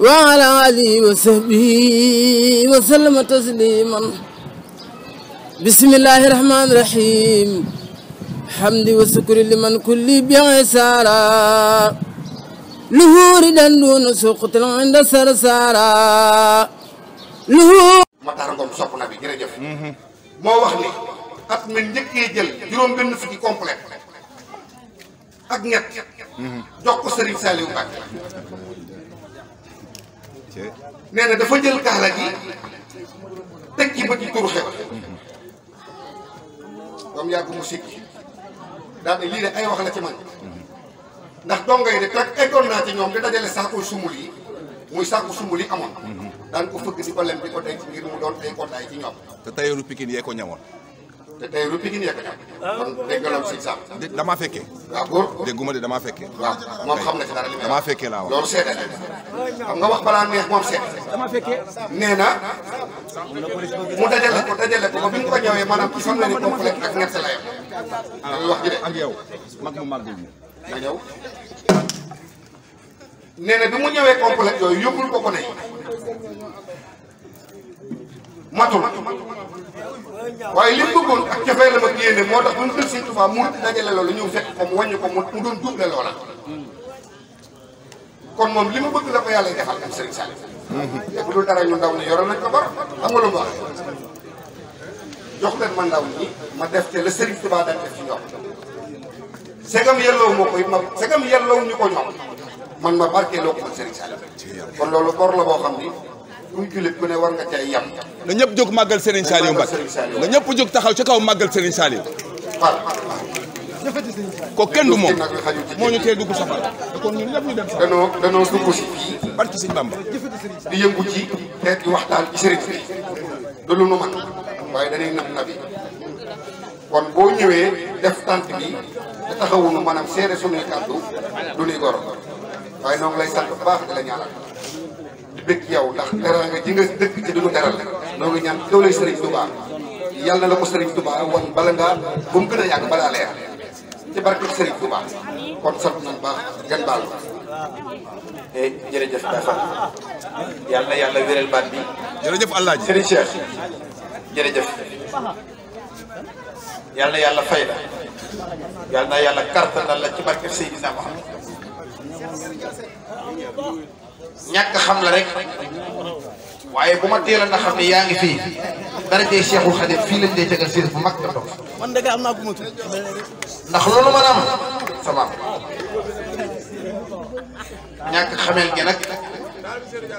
وعلى آله وصحبه وسلم تسليما بسم الله الرحمن الرحيم حمد وشكر لمن كل بعسارا لهور دون سقط عند سرسارا لهور Matar Ngom sopp na bi jërëjëf moo wax ni at mi njëkkee jël juróom benn fukki complet ak ñett mhm. jox ko Serigne Saliou Mbacké nee na dafa jël kaala gi teg ci bët yi turu xew comme yàgg mu sikki daal ne lii de ay wax la ci man ndax dongo yi de tak eggoon naa ci ñoom di dajale saako sumul yi muy saako sumul yi amoon mhm. daan ko fëgg di ko lem di ko denc ngir mu doon ay koddaay ci ñoom te tayeeru Pikine yee ko ñamoon te tey ru Pikine yekk tam ah. kon déggaloon si sax damaa fekkee waaw góor dégguma de damaa fekkee waaw moom xam na ci dara li damaa fekkee laa wax loolu seede xam nga wax balaa neex moom seede damaa fekkee nee na mu dajale ko dajale ko ba bi mu ko ñëwee maanaam ki xam na ni complet ak ñett la yem ah. dañuy wax ji de ak yow mag mu mag bi ma ñëw nee na bi mu ñëwee complet yooyu yóbbul ko ko ne matul waaye li mu ak cofee la mag yéene moo tax bu ñu dël Sëñ Tuubaa mu dajale loolu ñëw fekk ko mu wàññi ko mu doon duble loola kon moom li ma bëgg la ko yàlla defal ak Serigne Saliou te bu dul dara ñu ndaw ne yoroon nañ ko bor xam nga lu mu wax jox leen ma ndaw ma def te la Serigne Touba daan def ci ñoom segam yelloo moo koy ma segam ma barkeeloo ko man Serigne Saliou loolu bor la boo xam ni kuy jullit ku ne war nga cay yam. na ñëpp jóg màggal Serigne Saliou Mbacke na ñëpp jóg taxaw ci kaw màggal Serigne Saliou. ko kenn du moom moo ñu tee dugg safara kon ñun ñëpp ñu dem safara danoo danoo dugg si fii barki sëñ Bamba di yëngu ci xeet yu waxtaan waaye dañuy nab nabi kon boo ñëwee def tant bi te taxawunu maanaam seere suñuy kàddu du nuy goro waaye noo ngi lay sant baax di la bëgg yow ndax dara nga ji nga dëkk ci du lu teral noo ngi ñaan doole Serigne Touba na la ko Serigne Touba wan bala ngaa ba mu gën a yàgg balaa leer ci barke Serigne Touba kon sant nañu baax ngeen baal ma eh jërëjëf Baye Fall yàlla na yàlla wéral baat bi. jërëjëf Alaaji Serigne Cheikh jërëjëf yàlla na yàlla fay la na yàlla karta na la ci barke Seydina Muhammad ñàkk xam la rek waaye bu ma teeloon a xam ne yaa ngi fii dara jëye Cheikhul Khadim fii lañ dee tegal séeréer bu mag la toog. man dëgg am naa ku ma tudd ndax loolu mën a am sama ñàkk xameel gi nag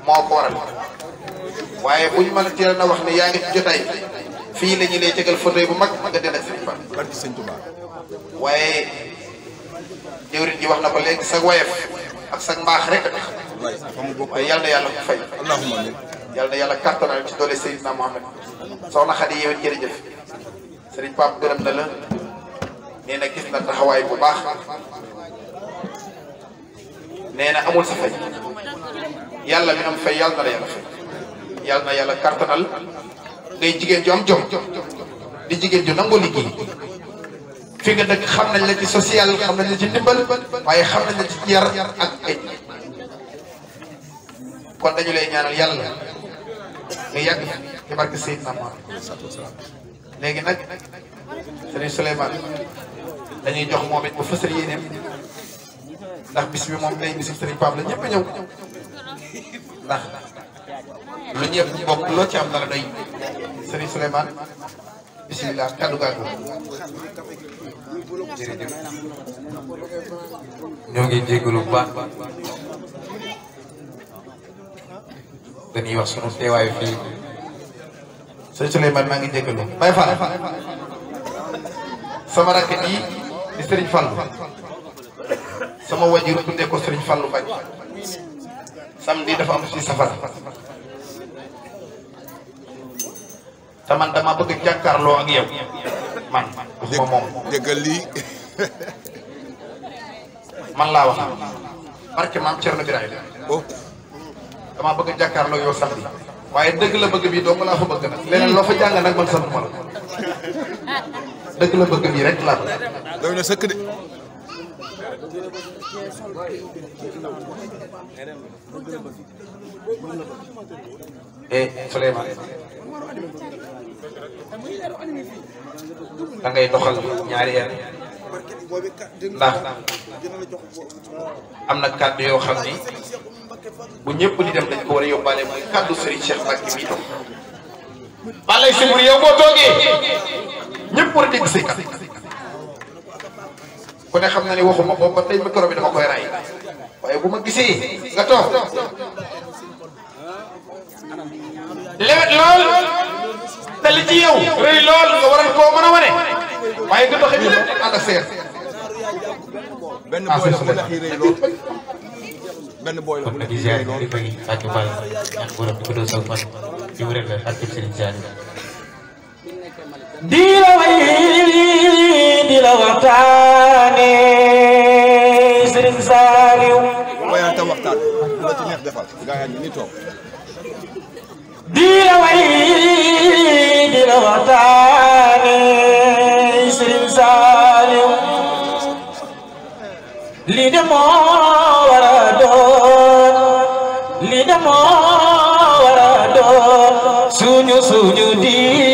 moo ko waaye bu ñu mën a teeloon wax ne yaa ngi ci jotaay fii la ñu lay tegal photo bu mag nga delloo Sëriñ Fall. barke Sëriñ Touba waaye jëwriñ ji wax na ko léegi sa woyof ak sa mbaax rek a tax. fa mu bokk yal na yàlla ko fay yal na yàlla kattanal ci doole Seydina Mohamed soxna Xadi yow it jërëjëf sëriñ Pape gërëm na la nee na gis na taxawaay bu baax nee na amul sa fay yàlla mi am yàlla na la yàlla fay yàlla na yàlla kattanal ngay jigéen ju am jom di jigéen ju nangoo liggéey fi nga dëkk xam nañ la ci social xam na la ci ndimbal waaye xam nañ la ci yar ak kon dañu lay ñaanal yàlla nga yàgg ci barke Seydina Muhammad léegi nag sëriñ Souleymane dañuy jox moom it mu fësal yéeneem ndax bis bi moom day bisim sëriñ Pape la ñëpp ñëw ndax lu loo ci am dara doy sëriñ Souleymane bisimilah ñoo ngi jégalu bu baax dañuy wax sunu teewaay fii sëñ Souleymane maa ngi jégalu Baye Fall sama rakk yi di Serigne Fallou sama wajur tuddee ko Serigne Fallou Bañ samedi dafa am ci safar te dama bëgg jàkkaarloo ak yow man waxuma moom jégal lii man laa wax barke maam Thierno oh. Birahim damaa bëgg a jàkkaarloo yow sax bi waaye dëgg la bëgg bii dong laa fa bëgg nag leneen loo fa jàng nag man santuma la dëgg la bëgg bii rek laa bëgg. na sëkk de. Eh, yoo xam ni. bu ñëpp di dem dañ ko war a yóbbaale muy kàddu Serigne Cheikh Mbacke mi toog balay Serigne yow boo toogee ñëpp war a dégg say kàddu xam na ne waxuma ko ba tey bi dama koy ray waaye bu ma gisee nga toog lewet lool te li yow rëy lool nga waral koo mën a wane waaye nga doxee ñu ànd ak seer. benn boole benn booy la di la way di la waxtaane Serigne Sadio. lii de moo war lii de moo war a doon di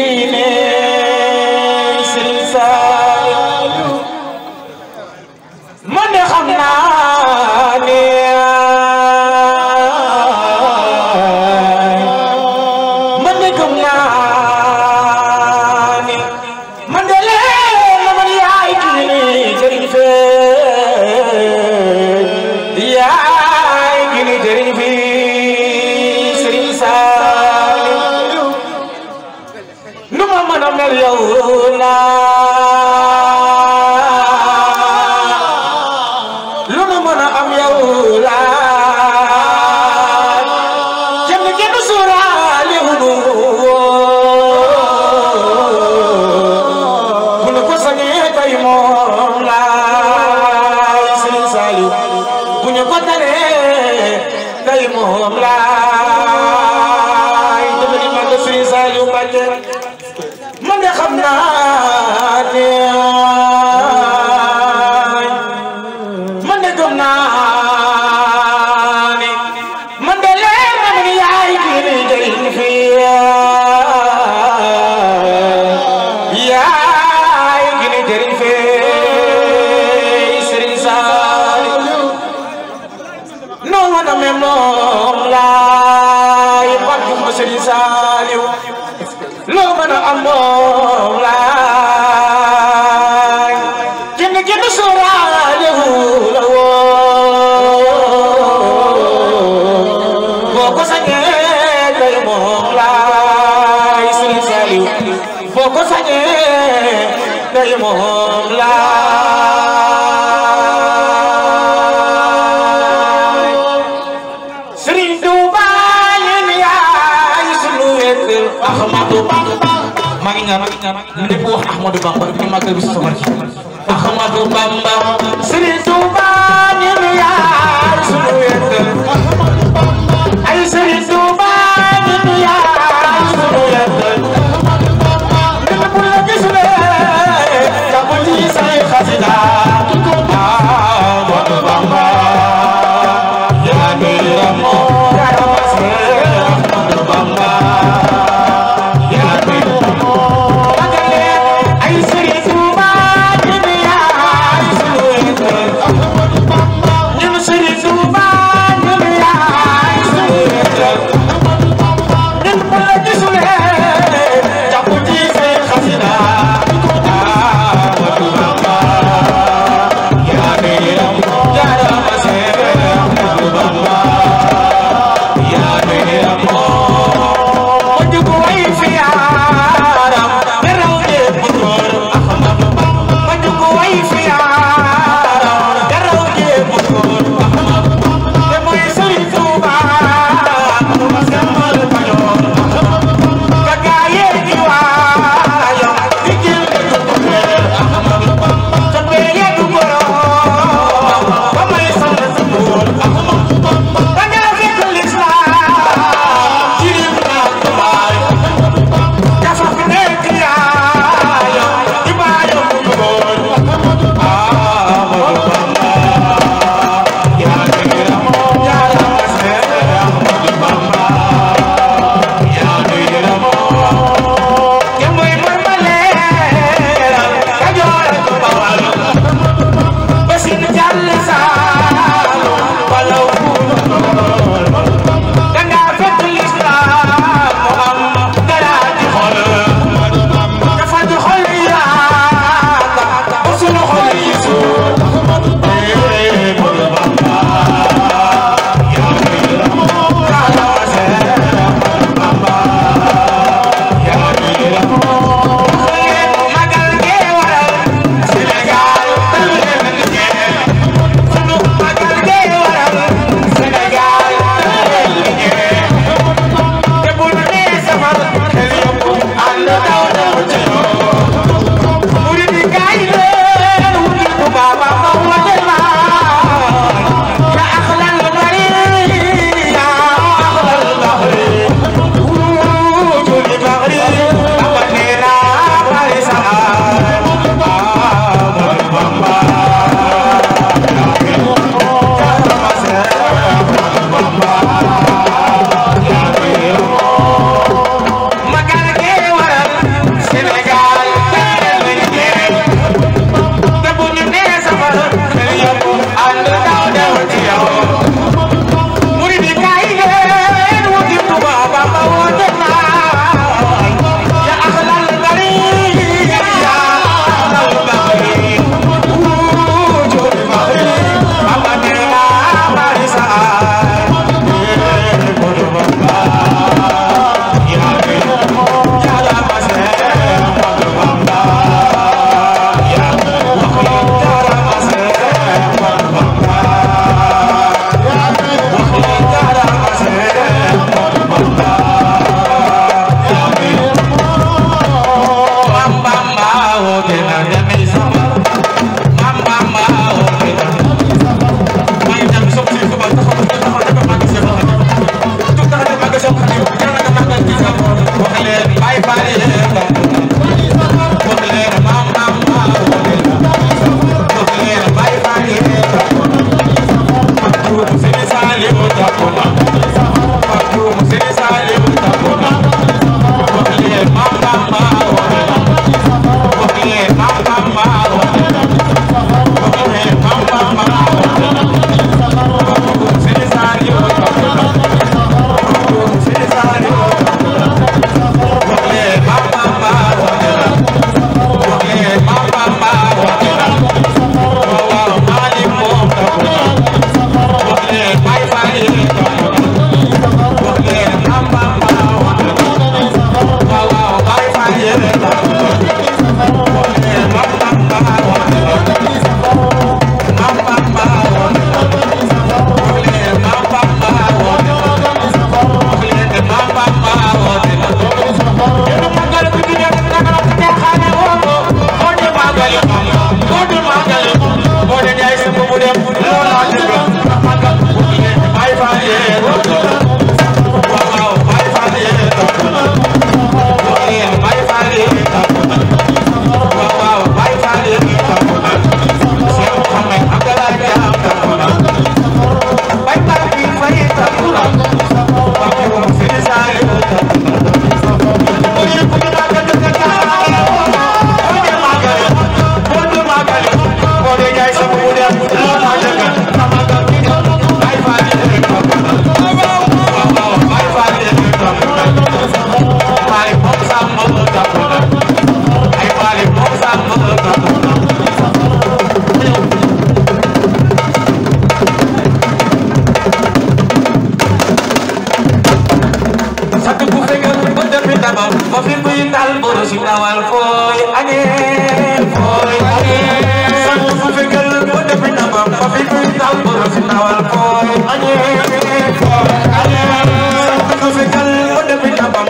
sëriñ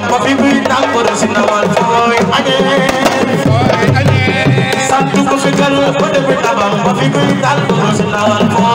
papi buy tàmbali si ndawal fooy añee sant ko fi gàll ba def tabax papi buy tàmbali si ndawal fooy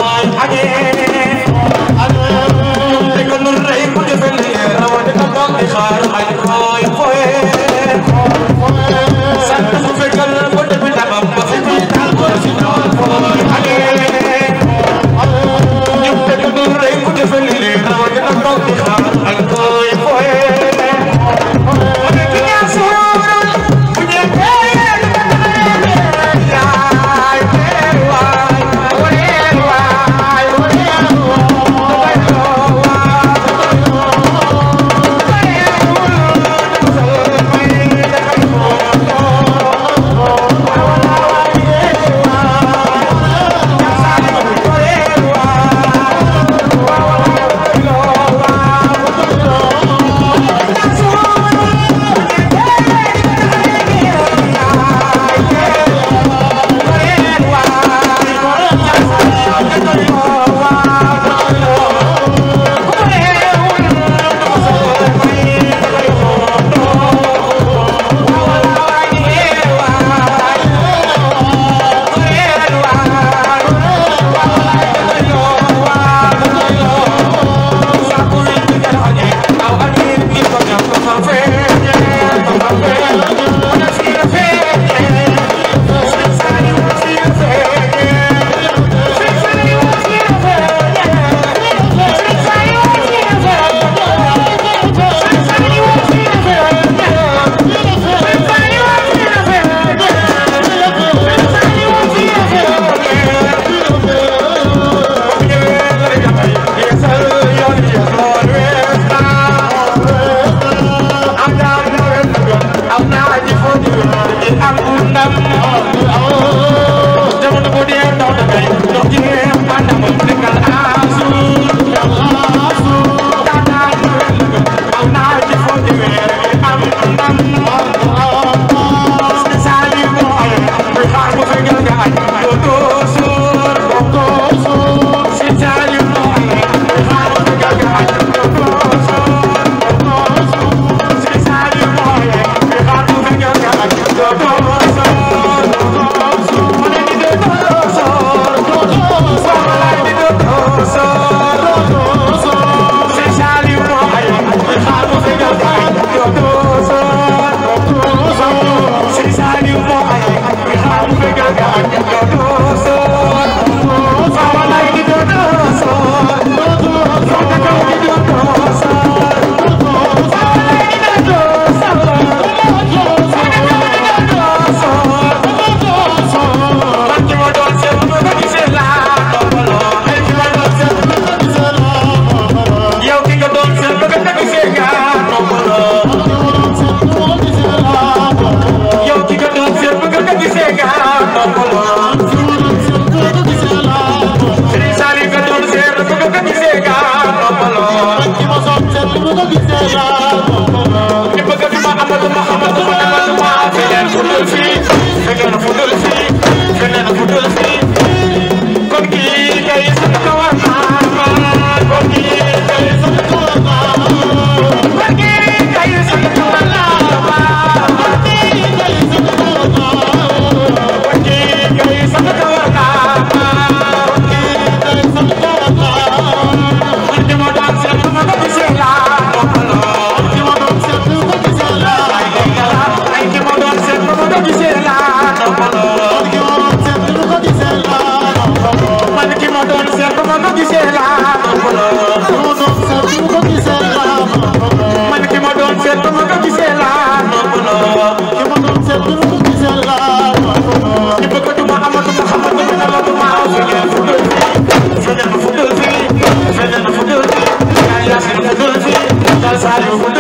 Salut,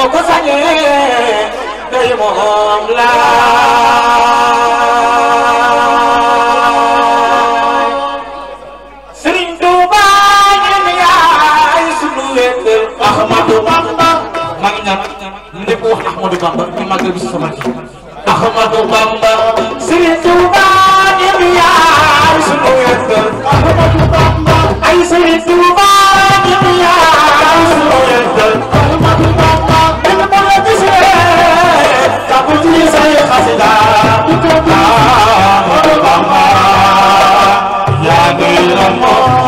boo ko sañee day moom laay Sëriñ Tuuba ñun yaay sunu wéetal Ahmadu Bamba mag ñam ñëpp wax Ahmadu Bamba ñu màggal bi sama ji Ahmadu Bamba Sëriñ Tuuba Allahumma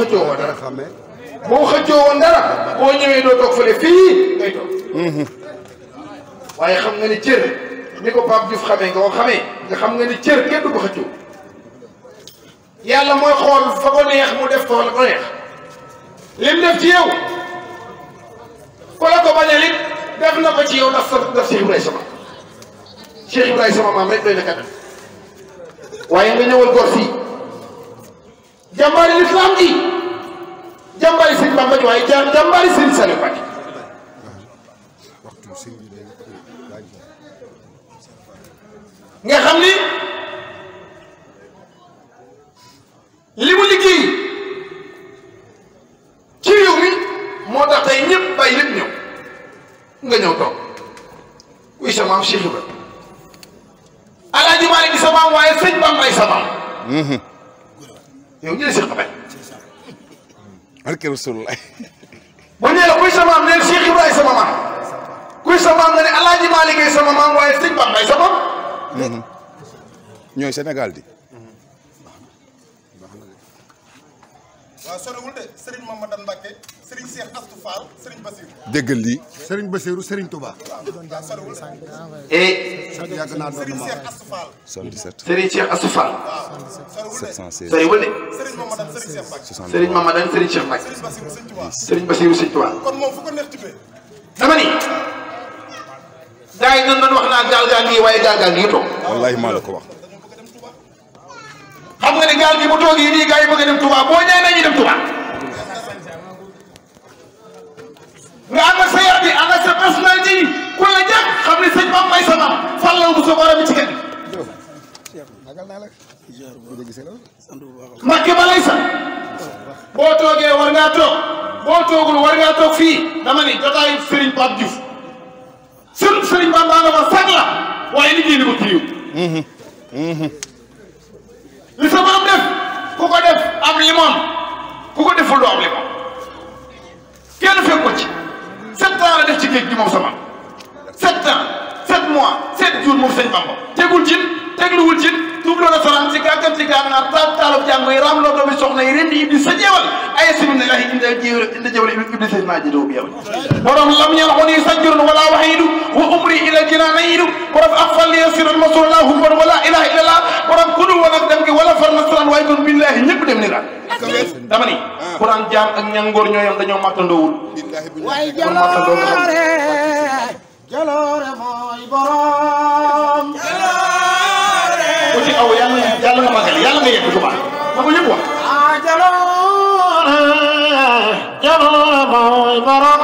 xëccoo woon dara boo xëccoo woon dara boo ñëwee doo toog fële fii mhm. waaye xam nga ni cër ni ko Pape Diouf xamee nga ko xamee nga xam nga ni cër kenn du ko xëccoo yàlla mooy xool fa ko neex mu def ko la ko neex lim def ci yaw ku la ko bañal it def na ko ci yow ndax sa ndax sama maam rek doy na kattan waaye nga ñëwal góor fii jàmbaari lislaam gi jàmbaari sëñ Bamba ñu waaye ja jàmbaari sëñ nga xam ni li mu liggéey ci réew mi moo tax tey ñëpp bàyyi lépp ñëw nga ñëw toog kuy sa maam Cheikh Ibrahima Alaaji Maalik di sa waaye sëñ Bamba ay sa mhm. yow ñu ne Cheikh Ibrahima barke Rasulullah bu ñu kuy sa maam nee Cheikh Ibrahima sama kuy sa maam nga ne El Hadj Malick sama maam waaye sëñ Bamba sama maam. Mhm. waaw soriwul de Serigne Mamadou Mbacké Serigne Cheikh Astou Fall Serigne Bassirou. déggal lii Serigne Bassirou Serigne Touba. waaw soriwul. et. Eh, yàgg naa doon Serigne Cheikh Astou Fall. 77. Serigne Cheikh Astou Fall. waaw 716. soriwul de. Serigne Mamadou Serigne Cheikh Mbacké. Serigne Mamadou Serigne Cheikh Mbacké. Serigne Bassirou Serigne Touba. Serigne Bassirou Serigne Touba. kon moom fu ko neex tibbee. dama ni. gars yi nan nan wax naa gaal gaal gii waaye gaal gaal gii toog. wallaahi maa la ko wax. xam nga ne gaal gi bu toogee nii gars yi bëgg a dem Touba boo ñaanee ñu dem Touba. nga ànd ak sa yar bi ànd ak sa personnalité yi ku la jàpp xam ne sëñ Pape may sa maam fàllaw bu sa borom ci kenn. Mbàkke ba lay sax boo toogee war ngaa toog boo toogul war ngaa toog fii dama ni jotaayu Serigne Pape Diouf sëñ Serigne Bamba nga ma sag la waaye liggéey ni ko kii li sa maam def ku ko def am limoon ko deful doo am limoon kenn ko ci sept ans la def ci géej gi moom sa sept mois sept jours moom sëñ Bamba tegul jin tegluwul jin tuubloo na salaan si kàkkam si kaa naa taal taalub jàngo yi raam loo doomi soxna yi rendi iblis sa jeewal ay sibinlahi inda jéewal inda jéewal iblis sa naa jidoo bi yow borom lam yalxuni sajjurun wala waxiidu wa umri ila jinaanidu borom afal yasiran masula hubban wala ilaha illallah borom kudu wanag dem gi wala farna salaan waaye kon billahi ñëpp dem ni la dama ni quran jaam ak ñangoor ñooyam dañoo màttandoowul kon màttandoo jaloore mooy borom. jaloore. ku ci aw yàlla nga yàlla nga màggal yàlla nga yegg Tuubaa na ko ñëpp wax. ah jaloore. jaloore mooy borom.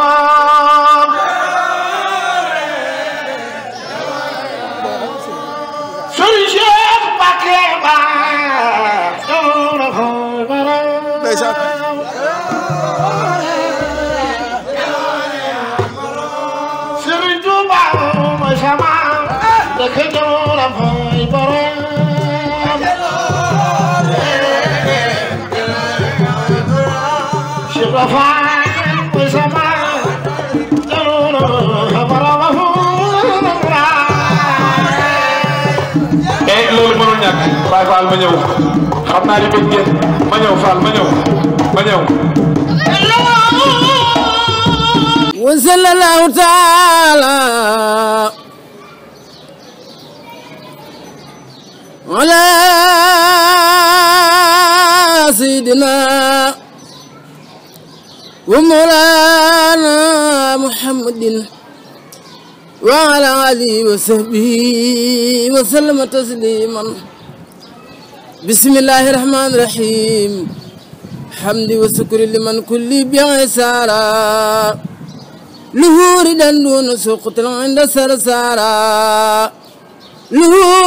jaloore. sunu Cheikh Mbacké Ba. Baay Faal ma ñëw xam naa di bëgg ngeen ma ñëw Faal ma ñëw ma ñëw wa sallallahu taala ala sayidina ومولانا محمد وعلى آله وصحبه وسلم تسليما بسم الله الرحمن الرحيم حمد وشكر لمن كل بعسارة لهور دندون سقط عند سرسارة لهور